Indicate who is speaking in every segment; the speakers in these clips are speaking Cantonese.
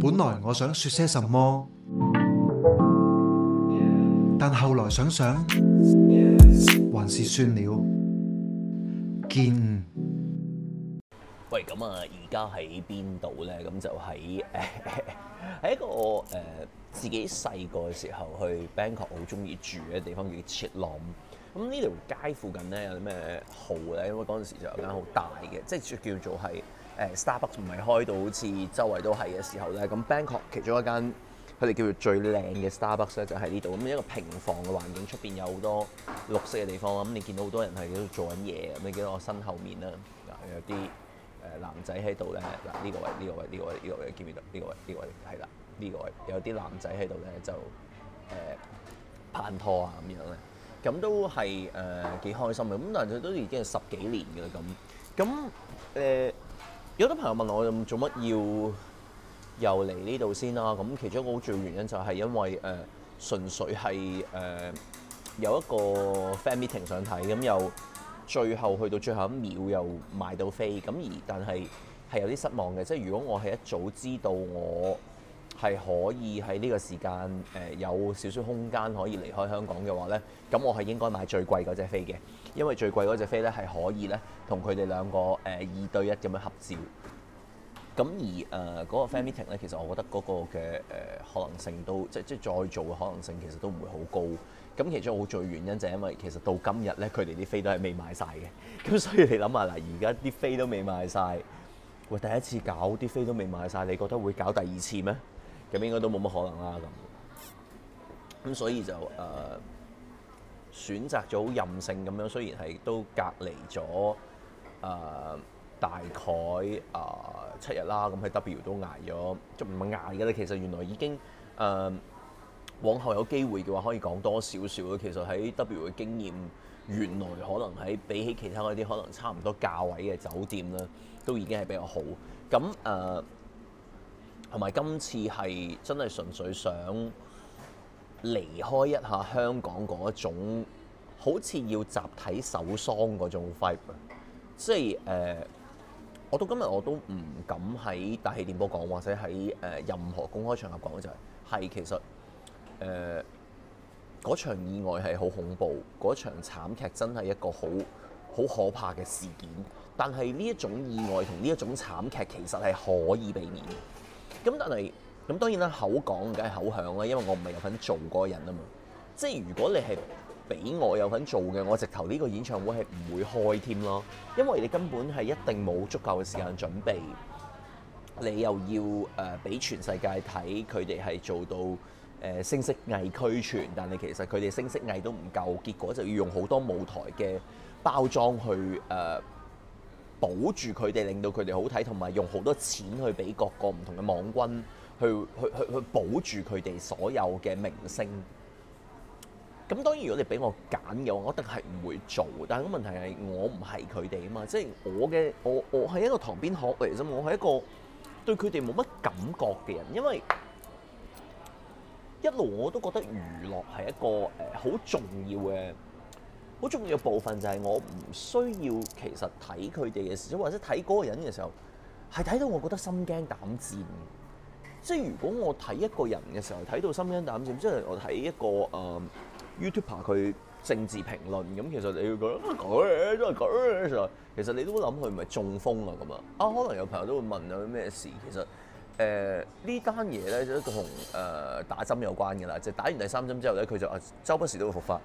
Speaker 1: 本來我想說些什麼，但後來想想，還是算了。見，喂，咁啊，而家喺邊度咧？咁就喺誒，喺、呃、一個誒、呃、我自己細個嘅時候去 Bangkok 好中意住嘅地方叫切浪。咁呢條街附近咧，有啲咩號咧？因為嗰陣時就有間好大嘅，即係叫做係。誒、uh, Starbucks 唔係開到好似周圍都係嘅時候咧，咁 Bangkok 其中一間佢哋叫做最靚嘅 Starbucks 咧，就係呢度，咁一個平房嘅環境，出邊有好多綠色嘅地方咁，你見到好多人係喺度做緊嘢咁，你見到我身後面啦，嗱，有啲誒男仔喺度咧，嗱、呢、呢個位呢、呢個位呢個呢個位見唔見到？呢、呢個位呢、呢個位係啦，呢、呢個位、呢個、位有啲男仔喺度咧，就誒拍、uh, 拖啊咁樣咧，咁都係誒幾開心嘅咁，但係都已經係十幾年嘅啦，咁咁誒。有好多朋友問我做乜要又嚟呢度先啦。咁其中一個好重要原因就係因為誒、呃、純粹係誒、呃、有一個 fan meeting 想睇，咁又最後去到最後一秒又買到飛，咁而但係係有啲失望嘅，即係如果我係一早知道我係可以喺呢個時間誒、呃、有少少空間可以離開香港嘅話呢，咁我係應該買最貴嗰隻飛嘅，因為最貴嗰隻飛呢係可以呢同佢哋兩個誒、呃、二對一咁樣合照。咁而誒嗰、呃那個 fan meeting 咧，其實我覺得嗰個嘅誒、呃、可能性都即即再做嘅可能性其實都唔會好高。咁其中好最，最原因就係因為其實到今日呢，佢哋啲飛都係未買晒嘅。咁所以你諗下，嗱而家啲飛都未買晒，喂第一次搞啲飛都未買晒，你覺得會搞第二次咩？咁邊應該都冇乜可能啦、啊，咁咁所以就誒、呃、選擇咗好任性咁樣，雖然係都隔離咗誒、呃、大概誒、呃、七日啦，咁喺 W 都捱咗，即唔係捱嘅啦。其實原來已經誒、呃、往後有機會嘅話，可以講多少少。其實喺 W 嘅經驗，原來可能喺比起其他嗰啲可能差唔多價位嘅酒店咧，都已經係比較好。咁誒。呃同埋今次係真係純粹想離開一下香港嗰種好似要集體守喪嗰種 vibe，即係、呃、我到今日我都唔敢喺大氣電波講，或者喺、呃、任何公開場合講、就係，就係係其實誒嗰、呃、場意外係好恐怖，嗰場慘劇真係一個好好可怕嘅事件。但係呢一種意外同呢一種慘劇其實係可以避免。咁但係，咁當然啦，口講梗係口響啦，因為我唔係有份做嗰個人啊嘛。即係如果你係俾我有份做嘅，我直頭呢個演唱會係唔會開添咯，因為你根本係一定冇足夠嘅時間準備，你又要誒俾、呃、全世界睇佢哋係做到誒聲、呃、色藝俱全，但係其實佢哋聲色藝都唔夠，結果就要用好多舞台嘅包裝去誒。呃保住佢哋，令到佢哋好睇，同埋用好多錢去俾各個唔同嘅網軍去去去去保住佢哋所有嘅明星。咁當然，如果你俾我揀嘅話，我一定係唔會做。但係個問題係，我唔係佢哋啊嘛，即係我嘅我我係一個旁邊學嚟啫嘛，我係一個對佢哋冇乜感覺嘅人，因為一路我都覺得娛樂係一個誒好重要嘅。好重要部分就係、是、我唔需要其實睇佢哋嘅事，或者睇嗰個人嘅時候，係睇到我覺得心驚膽戰。即係如果我睇一個人嘅時候睇到心驚膽戰，即、就、係、是、我睇一個誒、uh, YouTuber 佢政治評論，咁其實你會覺得咁咧，真係咁咧。其實其實你都諗佢唔係中風啊咁啊。啊，可能有朋友都會問有咩事，其實誒、呃、呢單嘢咧都同誒打針有關㗎啦，即係打完第三針之後咧，佢就啊周不時都會復發。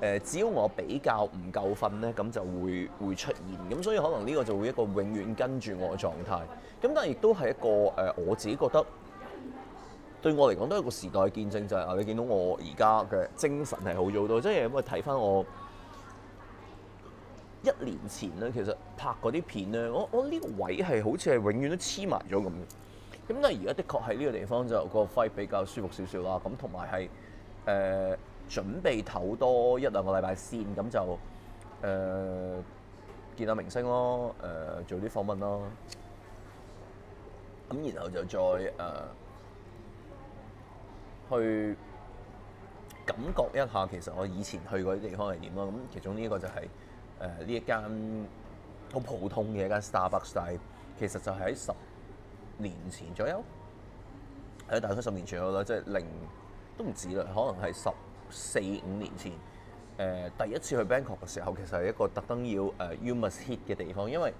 Speaker 1: 誒，只要我比較唔夠瞓咧，咁就會會出現。咁所以可能呢個就會一個永遠跟住我嘅狀態。咁但係亦都係一個誒，我自己覺得對我嚟講都係個時代見證就係、是、啊，你見到我而家嘅精神係好咗好多。即係咁啊，睇翻我一年前咧，其實拍嗰啲片咧，我我呢個位係好似係永遠都黐埋咗咁。咁但係而家的確喺呢個地方就個肺比較舒服少少啦。咁同埋係誒。準備唞多一兩個禮拜先，咁就誒、呃、見下明星咯，誒、呃、做啲訪問咯，咁然後就再誒、呃、去感覺一下，其實我以前去嗰啲地方係點咯。咁其中呢一個就係誒呢一間好普通嘅一間 Starbucks，但其實就係喺十年前左右喺大概十年前左右啦，即係零都唔止啦，可能係十。四五年前，誒、呃、第一次去 Bangkok 嘅時候，其實係一個特登要誒、呃、You Must Hit 嘅地方，因為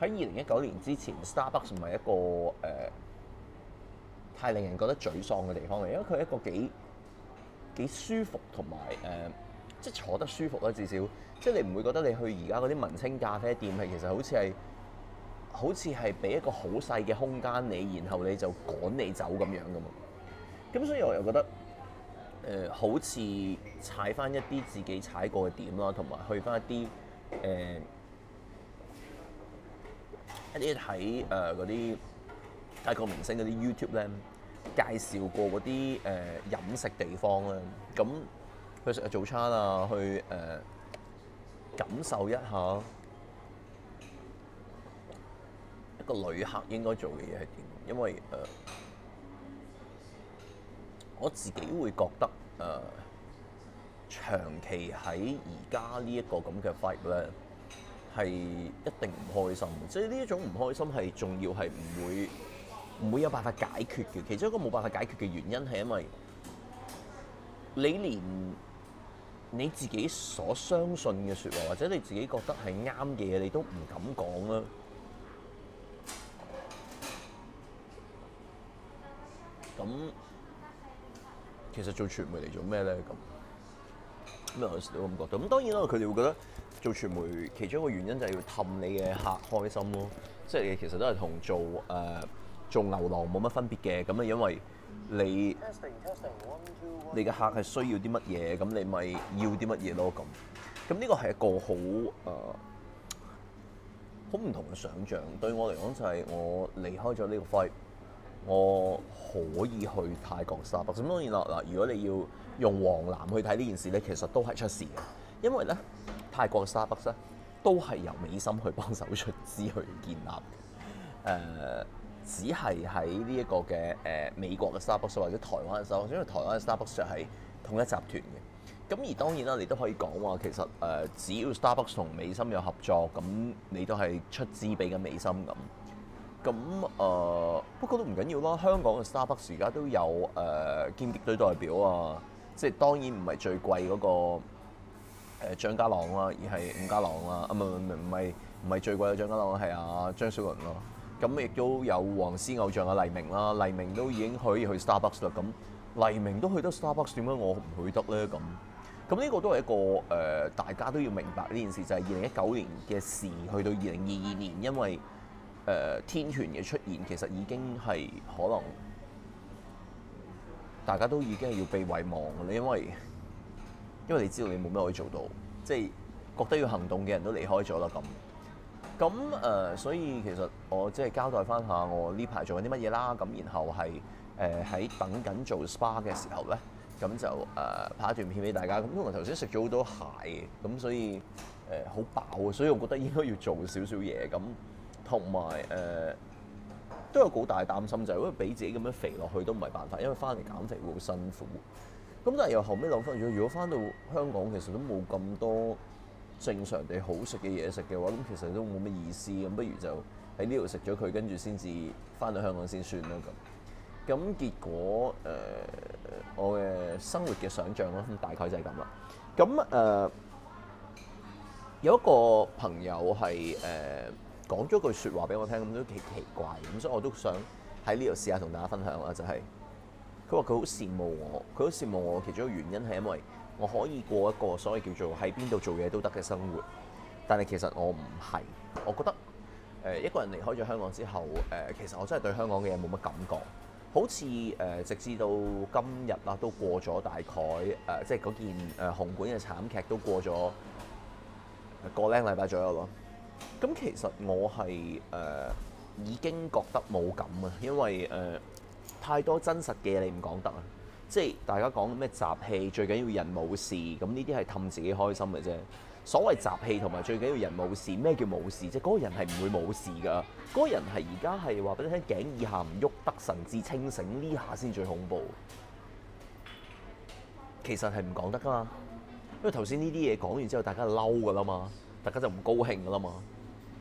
Speaker 1: 喺二零一九年之前，Starbucks 唔係一個誒、呃、太令人覺得沮喪嘅地方嚟，因為佢係一個幾幾舒服同埋誒即係坐得舒服啦。至少即係你唔會覺得你去而家嗰啲文青咖啡店咧，其實好似係好似係俾一個好細嘅空間你，然後你就趕你走咁樣㗎嘛。咁所以我又覺得。誒、呃、好似踩翻一啲自己踩過嘅點啦，同埋去翻一啲誒、呃、一啲喺誒嗰啲泰國明星嗰啲 YouTube 咧介紹過嗰啲誒飲食地方啦，咁去食下早餐啊，去誒、呃、感受一下一個旅客應該做嘅嘢係點，因為誒。呃我自己會覺得，誒、呃、長期喺而家呢一個咁嘅 vibe 咧，係一定唔開心。即係呢一種唔開心係重要係唔會唔會有辦法解決嘅。其中一個冇辦法解決嘅原因係因為你連你自己所相信嘅説話，或者你自己覺得係啱嘅嘢，你都唔敢講啦。咁。其實做傳媒嚟做咩咧？咁咩人都咁覺得。咁當然啦，佢哋會覺得做傳媒其中一個原因就係要氹你嘅客開心咯。即係其實都係同做誒、呃、做牛郎冇乜分別嘅。咁啊，因為你你嘅客係需要啲乜嘢，咁你咪要啲乜嘢咯。咁咁呢個係一個好誒好唔同嘅想像。對我嚟講，就係我離開咗呢個塊。我可以去泰國 Starbucks，咁當然啦嗱，如果你要用黃藍去睇呢件事咧，其實都係出事嘅，因為咧泰國嘅 Starbucks 咧都係由美心去幫手出資去建立，誒、呃、只係喺呢一個嘅誒、呃、美國嘅 Starbucks 或者台灣嘅 Starbucks。因為台灣嘅 Starbucks 就係統一集團嘅。咁而當然啦，你都可以講話其實誒、呃、只要 Starbucks 同美心有合作，咁你都係出資俾緊美心咁。咁誒、呃、不過都唔緊要啦。香港嘅 Starbucks 而家都有誒、呃、劍擊隊代表啊，即係當然唔係最貴嗰個誒張家朗啦，而係伍家朗啦，啊唔唔唔唔係唔係最貴嘅張家朗係阿、啊、張小倫咯，咁、嗯、亦都有黃絲偶像阿黎明啦，黎明都已經可以去 Starbucks 啦，咁黎明都去得 Starbucks，點解我唔去得咧？咁咁呢個都係一個誒、呃，大家都要明白呢件事就係二零一九年嘅事，去到二零二二年，因為誒、呃、天權嘅出現其實已經係可能大家都已經係要被遺忘嘅，你因為因為你知道你冇咩可以做到，即係覺得要行動嘅人都離開咗啦。咁咁誒，所以其實我即係交代翻下我呢排做緊啲乜嘢啦。咁然後係誒喺等緊做 SPA 嘅時候咧，咁就誒、呃、拍一段片俾大家。咁因為頭先食咗好多蟹，咁所以誒好、呃、飽，所以我覺得應該要做少少嘢咁。同埋誒都有好大擔心就係，如果俾自己咁樣肥落去都唔係辦法，因為翻嚟減肥會好辛苦。咁但係由後尾諗翻咗，如果翻到香港其實都冇咁多正常地好食嘅嘢食嘅話，咁其實都冇乜意思。咁不如就喺呢度食咗佢，跟住先至翻到香港先算啦。咁咁結果誒、呃、我嘅生活嘅想像咯，大概就係咁啦。咁誒、uh，有一個朋友係誒。呃講咗句説話俾我聽，咁都幾奇怪，咁所以我都想喺呢度試下同大家分享啊，就係佢話佢好羨慕我，佢好羨慕我。其中一個原因係因為我可以過一個所謂叫做喺邊度做嘢都得嘅生活，但係其實我唔係。我覺得誒一個人離開咗香港之後，誒其實我真係對香港嘅嘢冇乜感覺，好似誒直至到今日啦，都過咗大概誒即係嗰件誒紅館嘅慘劇都過咗個零禮拜左右咯。咁其實我係誒、呃、已經覺得冇感啊，因為誒、呃、太多真實嘅嘢你唔講得啊，即係大家講咩集氣，最緊要人冇事。咁呢啲係氹自己開心嘅啫。所謂集氣同埋最緊要人冇事，咩叫冇事？即係嗰個人係唔會冇事噶，嗰、那個、人係而家係話俾你聽，頸以下唔喐得，神志清醒呢下先最恐怖。其實係唔講得噶嘛，因為頭先呢啲嘢講完之後，大家嬲噶啦嘛。大家就唔高興噶啦嘛，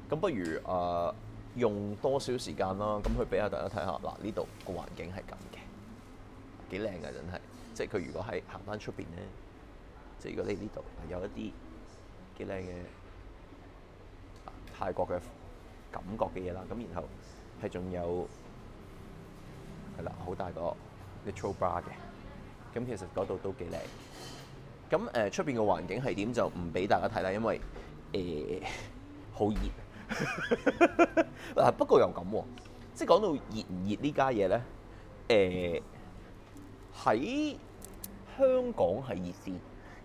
Speaker 1: 咁不如誒、呃、用多少時間啦，咁去俾下大家睇下嗱，呢度個環境係咁嘅，幾靚呀真係，即係佢如果喺行翻出邊咧，即係如果你呢度有一啲幾靚嘅泰國嘅感覺嘅嘢啦，咁然後係仲有係啦，好大個 Little Bar 嘅，咁其實嗰度都幾靚，咁誒出邊嘅環境係點就唔俾大家睇啦，因為。誒好、欸、熱，嗱 不過又咁喎，即講到熱唔熱家呢家嘢咧？誒、欸、喺香港係熱啲，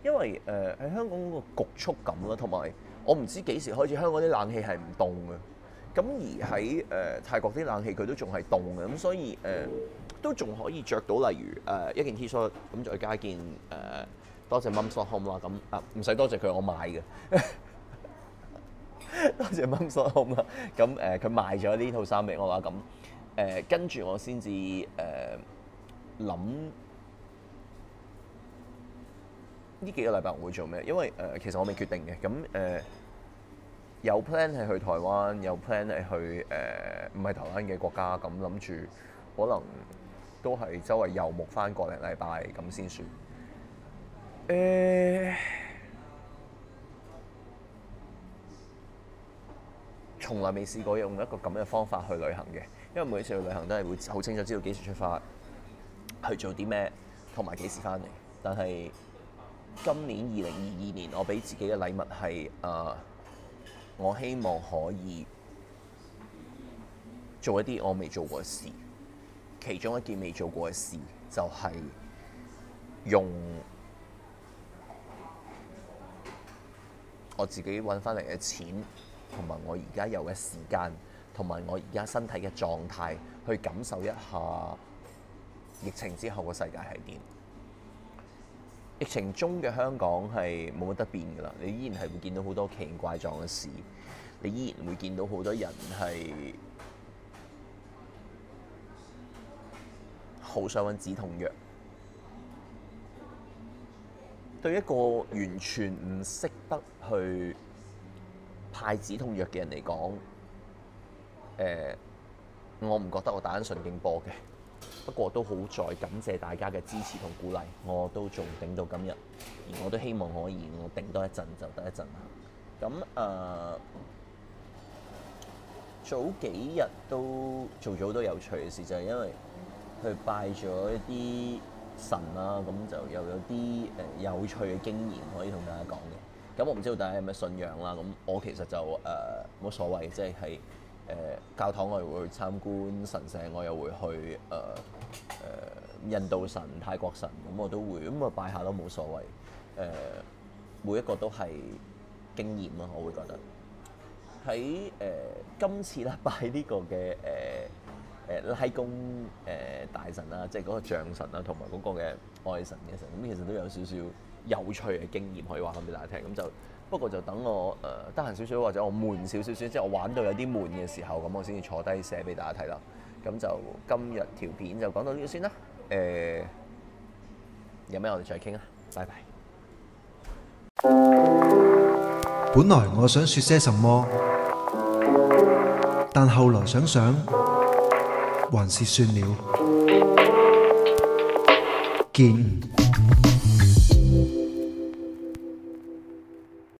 Speaker 1: 因為誒喺、呃、香港嗰個局促感啦，同埋我唔知幾時開始，香港啲冷氣係唔凍嘅，咁而喺誒、呃、泰國啲冷氣佢都仲係凍嘅，咁所以誒、呃、都仲可以着到，例如誒、呃、一件 T-shirt，咁再加一件誒、呃、多謝 Mums.com 啦、啊，咁啊唔使多謝佢，我買嘅。 多謝掹鎖啊，咁誒佢賣咗呢套衫俾我啦，咁誒、呃、跟住我先至誒諗呢幾個禮拜我會做咩？因為誒、呃、其實我未決定嘅，咁、嗯、誒、呃、有 plan 係去台灣，有 plan 係去誒唔係台灣嘅國家，咁諗住可能都係周圍遊牧翻個零禮拜咁先算。誒、呃。從來未試過用一個咁嘅方法去旅行嘅，因為每次去旅行都係會好清楚知道幾時出發，去做啲咩，同埋幾時翻嚟。但係今年二零二二年，我俾自己嘅禮物係誒、呃，我希望可以做一啲我未做過嘅事，其中一件未做過嘅事就係用我自己揾翻嚟嘅錢。同埋我而家有嘅時間，同埋我而家身體嘅狀態，去感受一下疫情之後嘅世界係點。疫情中嘅香港係冇乜得變噶啦，你依然係會見到好多奇形怪狀嘅事，你依然會見到好多人係好想揾止痛藥。對一個完全唔識得去。太子痛藥嘅人嚟講，誒、呃，我唔覺得我打緊順境波嘅，不過都好在感謝大家嘅支持同鼓勵，我都仲頂到今日，我都希望可以我頂多一陣就得一陣啦。咁、嗯、誒、啊，早幾日都做咗好多有趣嘅事，就係、是、因為去拜咗一啲神啦、啊，咁就又有啲誒、呃、有趣嘅經驗可以同大家講嘅。咁我唔知道大家有咩信仰啦，咁我其實就誒冇、呃、所謂，即係誒教堂我又會去參觀神社，我又會去誒誒、呃呃、印度神、泰國神，咁我都會，咁啊拜下都冇所謂。誒、呃、每一個都係經驗咯，我會覺得喺誒、呃、今次咧拜呢個嘅誒誒拉公誒、呃、大神啊，即係嗰個象神啊，同埋嗰個嘅愛神嘅神，咁其實都有少少。有趣嘅經驗可以話翻俾大家聽，咁就不過就等我誒得閒少少，或者我悶少少少，即係我玩到有啲悶嘅時候，咁我先至坐低寫俾大家睇啦。咁就今日條片就講到呢度先啦。誒，有咩我哋再傾啊！拜拜。本來我想說些什麼，但後來想想，還是算了。見。